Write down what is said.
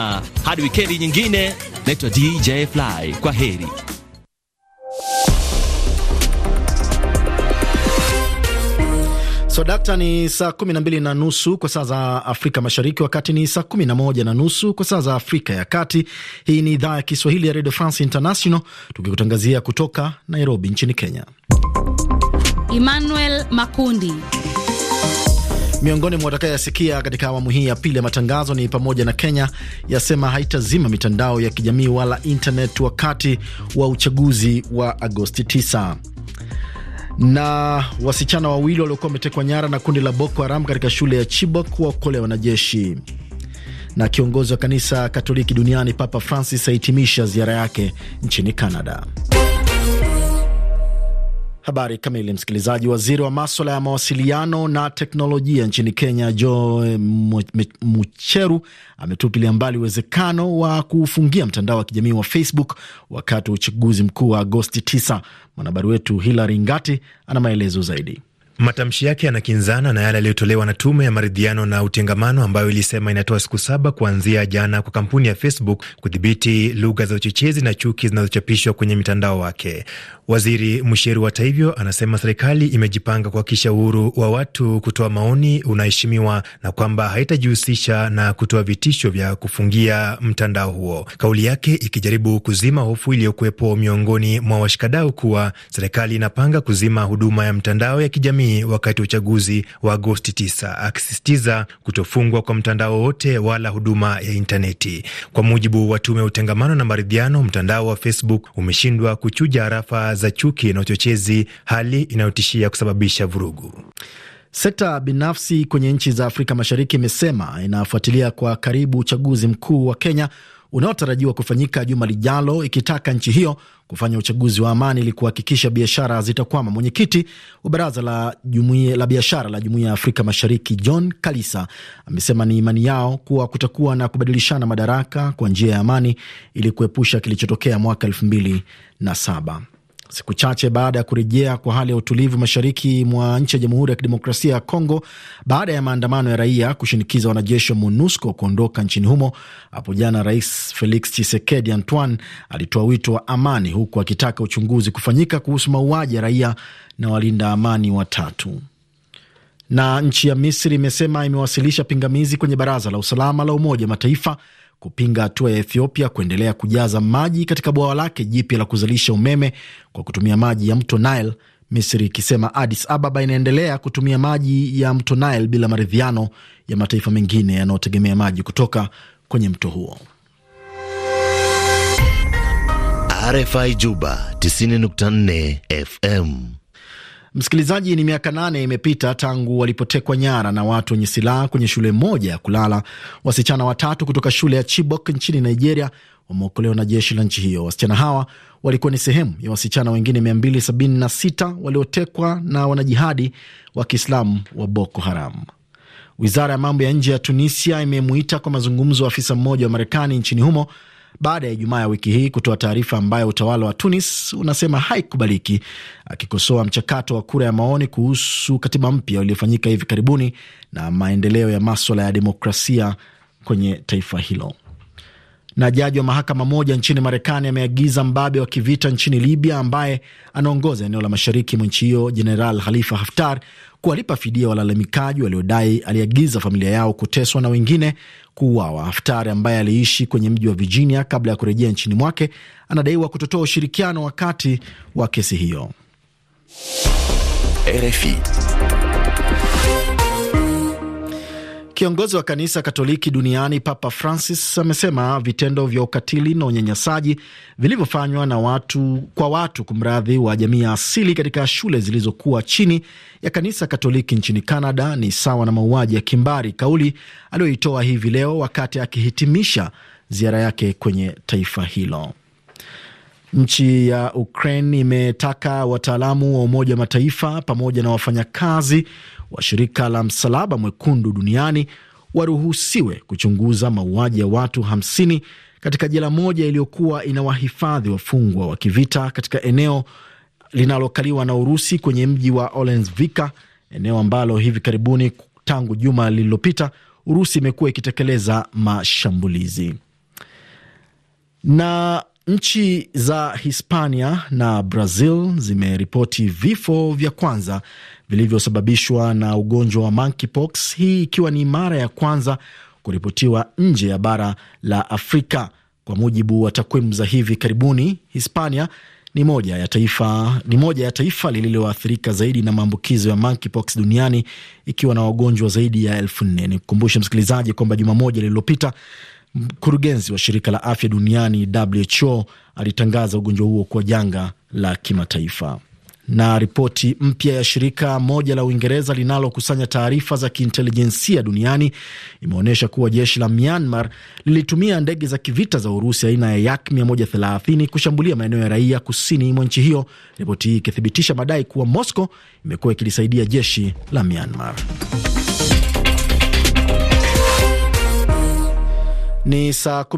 Ah, hadi wikendi nyingine, naitwa DJ Fly. Kwa heri. So dakta, ni saa kumi na mbili na nusu kwa saa za Afrika Mashariki, wakati ni saa kumi na moja na nusu kwa saa za Afrika ya Kati. Hii ni idhaa ya Kiswahili ya Radio France International, tukikutangazia kutoka Nairobi nchini Kenya. Emmanuel Makundi Miongoni mwa watakayasikia katika awamu hii ya pili ya matangazo ni pamoja na Kenya yasema haitazima mitandao ya kijamii wala internet wakati wa uchaguzi wa Agosti 9 na wasichana wawili waliokuwa wametekwa nyara na kundi la Boko Haram katika shule ya Chibok waokolewa na jeshi. Na kiongozi wa kanisa Katoliki duniani Papa Francis ahitimisha ziara yake nchini Canada. Habari kamili, msikilizaji. Waziri wa maswala ya mawasiliano na teknolojia nchini Kenya, Joe Mucheru, ametupilia mbali uwezekano wa kuufungia mtandao wa kijamii wa Facebook wakati wa uchaguzi mkuu wa Agosti 9. Mwanahabari wetu Hilary Ngati ana maelezo zaidi. Matamshi yake yanakinzana na yale yaliyotolewa na tume ya maridhiano na utengamano ambayo ilisema inatoa siku saba kuanzia jana kwa kampuni ya Facebook kudhibiti lugha za uchochezi na chuki zinazochapishwa kwenye mitandao wake. Waziri msheru hata hivyo anasema serikali imejipanga kuhakikisha uhuru wa watu kutoa maoni unaheshimiwa na kwamba haitajihusisha na kutoa vitisho vya kufungia mtandao huo, kauli yake ikijaribu kuzima hofu iliyokuwepo miongoni mwa washikadau kuwa serikali inapanga kuzima huduma ya mtandao ya kijamii kijamii wakati wa uchaguzi wa Agosti 9 akisisitiza kutofungwa kwa mtandao wote wala huduma ya intaneti. Kwa mujibu wa tume ya utengamano na maridhiano, mtandao wa Facebook umeshindwa kuchuja arafa za chuki na uchochezi, hali inayotishia kusababisha vurugu. Sekta binafsi kwenye nchi za Afrika Mashariki imesema inafuatilia kwa karibu uchaguzi mkuu wa Kenya unaotarajiwa kufanyika juma lijalo, ikitaka nchi hiyo kufanya uchaguzi wa amani ili kuhakikisha biashara zitakwama. Mwenyekiti wa baraza la jumuiya la biashara la jumuiya ya Afrika Mashariki John Kalisa amesema ni imani yao kuwa kutakuwa na kubadilishana madaraka kwa njia ya amani ili kuepusha kilichotokea mwaka elfu mbili na saba. Siku chache baada ya kurejea kwa hali ya utulivu mashariki mwa nchi ya Jamhuri ya Kidemokrasia ya Kongo baada ya maandamano ya raia kushinikiza wanajeshi wa MONUSCO kuondoka nchini humo, hapo jana Rais Felix Tshisekedi Antoine alitoa wito wa amani, huku akitaka uchunguzi kufanyika kuhusu mauaji ya raia na walinda amani watatu. Na nchi ya Misri imesema imewasilisha pingamizi kwenye Baraza la Usalama la Umoja wa Mataifa kupinga hatua ya Ethiopia kuendelea kujaza maji katika bwawa lake jipya la kuzalisha umeme kwa kutumia maji ya mto Nile, Misri ikisema Addis Ababa inaendelea kutumia maji ya mto Nile bila maridhiano ya mataifa mengine yanayotegemea maji kutoka kwenye mto huo. RFI Juba 90.4 FM. Msikilizaji, ni miaka nane imepita tangu walipotekwa nyara na watu wenye silaha kwenye shule moja ya kulala. Wasichana watatu kutoka shule ya Chibok nchini Nigeria wameokolewa na jeshi la nchi hiyo. Wasichana hawa walikuwa ni sehemu ya wasichana wengine 276 waliotekwa na wanajihadi wa Kiislamu wa Boko Haram. Wizara ya mambo ya nje ya Tunisia imemuita kwa mazungumzo afisa mmoja wa Marekani nchini humo baada ya Ijumaa ya wiki hii kutoa taarifa ambayo utawala wa Tunis unasema haikubaliki, akikosoa mchakato wa kura ya maoni kuhusu katiba mpya uliofanyika hivi karibuni na maendeleo ya maswala ya demokrasia kwenye taifa hilo. Na jaji wa mahakama moja nchini Marekani ameagiza mbabe wa kivita nchini Libya ambaye anaongoza eneo la mashariki mwa nchi hiyo Jeneral Khalifa Haftar kuwalipa fidia walalamikaji waliodai aliagiza familia yao kuteswa na wengine kuuawa. Haftar ambaye aliishi kwenye mji wa Virginia kabla ya kurejea nchini mwake anadaiwa kutotoa ushirikiano wakati wa kesi hiyo. RFI. Kiongozi wa kanisa Katoliki duniani Papa Francis amesema vitendo vya ukatili na unyanyasaji vilivyofanywa na watu kwa watu kumradhi wa jamii ya asili katika shule zilizokuwa chini ya kanisa Katoliki nchini Canada ni sawa na mauaji ya kimbari, kauli aliyoitoa hivi leo wakati akihitimisha ziara yake kwenye taifa hilo. Nchi ya Ukraine imetaka wataalamu wa Umoja wa Mataifa pamoja na wafanyakazi wa shirika la Msalaba Mwekundu duniani waruhusiwe kuchunguza mauaji ya watu 50 katika jela moja iliyokuwa inawahifadhi wafungwa wa kivita katika eneo linalokaliwa na Urusi kwenye mji wa Olenivka, eneo ambalo hivi karibuni tangu juma lililopita Urusi imekuwa ikitekeleza mashambulizi na Nchi za Hispania na Brazil zimeripoti vifo vya kwanza vilivyosababishwa na ugonjwa wa monkeypox, hii ikiwa ni mara ya kwanza kuripotiwa nje ya bara la Afrika. Kwa mujibu wa takwimu za hivi karibuni, Hispania ni moja ya taifa, ni moja ya taifa lililoathirika zaidi na maambukizo ya monkeypox duniani ikiwa na wagonjwa zaidi ya elfu nne. Nikukumbushe msikilizaji kwamba juma moja lililopita Mkurugenzi wa shirika la afya duniani WHO alitangaza ugonjwa huo kuwa janga la kimataifa. Na ripoti mpya ya shirika moja la Uingereza linalokusanya taarifa za kiintelijensia duniani imeonyesha kuwa jeshi la Myanmar lilitumia ndege za kivita za Urusi aina ya Yak 130 kushambulia maeneo ya raia kusini mwa nchi hiyo, ripoti hii ikithibitisha madai kuwa Moscow imekuwa ikilisaidia jeshi la Myanmar. Ni saa